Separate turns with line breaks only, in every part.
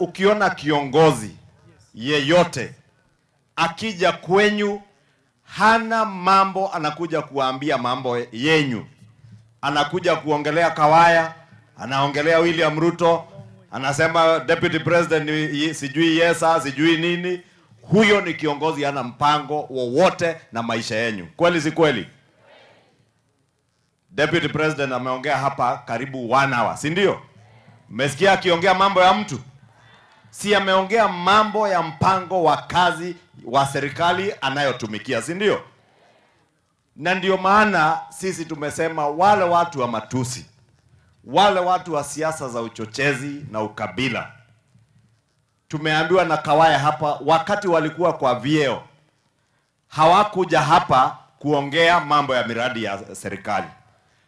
Ukiona kiongozi yeyote akija kwenyu hana mambo, anakuja kuwaambia mambo yenyu, anakuja kuongelea Kawaya, anaongelea William Ruto, anasema deputy president sijui yesa sijui nini. Huyo ni kiongozi, hana mpango wowote na maisha yenyu. Kweli si kweli? Deputy president ameongea hapa karibu one hour, si ndio? Mmesikia akiongea mambo ya mtu si ameongea mambo ya mpango wa kazi wa serikali anayotumikia, si ndio? Na ndio maana sisi tumesema wale watu wa matusi, wale watu wa siasa za uchochezi na ukabila, tumeambiwa na Kawaya hapa, wakati walikuwa kwa vyeo hawakuja hapa kuongea mambo ya miradi ya serikali,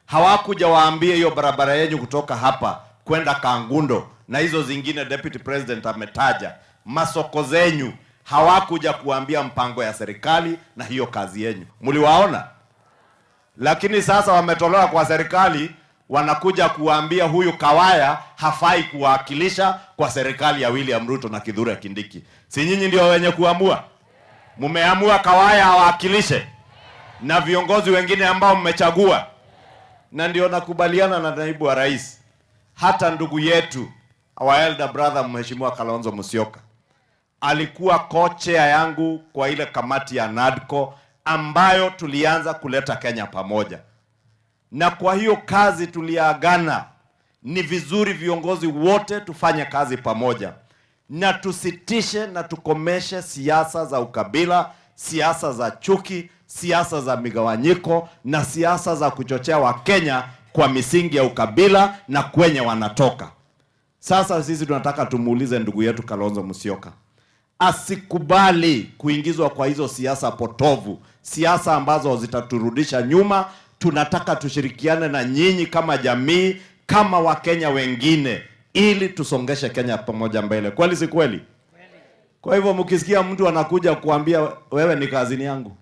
hawakuja waambie hiyo barabara yenyu kutoka hapa kwenda Kangundo na hizo zingine deputy president ametaja. Masoko zenyu hawakuja kuambia mpango ya serikali, na hiyo kazi yenyu mliwaona, lakini sasa wametolewa kwa serikali, wanakuja kuambia huyu Kawaya hafai kuwakilisha kwa serikali ya William Ruto na Kithure Kindiki. Si nyinyi ndio wenye kuamua? Mmeamua Kawaya awakilishe na viongozi wengine ambao mmechagua, na ndio nakubaliana na naibu wa rais hata ndugu yetu our elder brother Mheshimiwa Kalonzo Musyoka alikuwa kochea yangu kwa ile kamati ya NADCO ambayo tulianza kuleta Kenya pamoja, na kwa hiyo kazi tuliagana, ni vizuri viongozi wote tufanye kazi pamoja na tusitishe na tukomeshe siasa za ukabila, siasa za chuki, siasa za migawanyiko na siasa za kuchochea Wakenya kwa misingi ya ukabila na kwenye wanatoka. Sasa sisi tunataka tumuulize ndugu yetu Kalonzo Musyoka asikubali kuingizwa kwa hizo siasa potovu, siasa ambazo zitaturudisha nyuma. Tunataka tushirikiane na nyinyi kama jamii, kama Wakenya wengine, ili tusongeshe Kenya pamoja mbele. Kweli si kweli? Kwa hivyo mkisikia mtu anakuja kuambia wewe ni kazini yangu,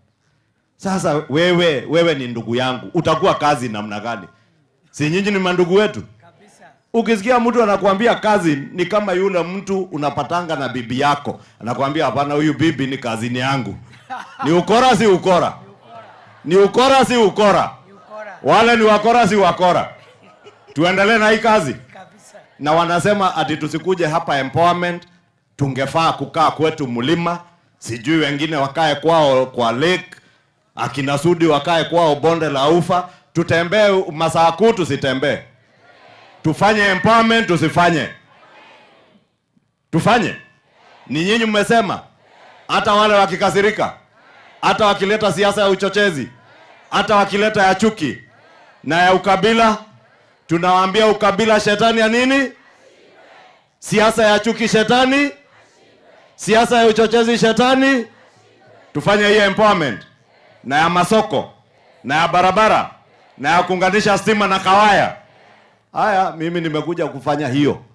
sasa wewe wewe ni ndugu yangu, utakuwa kazi namna gani? Si nyinyi ni mandugu wetu? Ukisikia mtu anakuambia kazi ni kama yule mtu unapatanga na bibi yako anakuambia hapana, huyu bibi ni kazini yangu. Ni ukora, si ukora? Ni ukora, si ukora? Wale ni wakora, si wakora? Tuendelee na hii kazi kabisa. Na wanasema ati tusikuje hapa empowerment, tungefaa kukaa kwetu mlima, sijui wengine wakae kwao kwa lake, akina Sudi wakae kwao bonde la Ufa tutembee masaa kuu, tusitembee, tufanye empowerment, tusifanye, tufanye. Ni nyinyi mmesema, hata wale wakikasirika, hata wakileta siasa ya uchochezi, hata wakileta ya chuki na ya ukabila, tunawaambia ukabila shetani ya nini? Siasa ya chuki shetani, siasa ya uchochezi shetani. Tufanye hiyo empowerment na ya masoko na ya barabara na ya kuunganisha stima na kawaya. Haya, mimi nimekuja kufanya hiyo.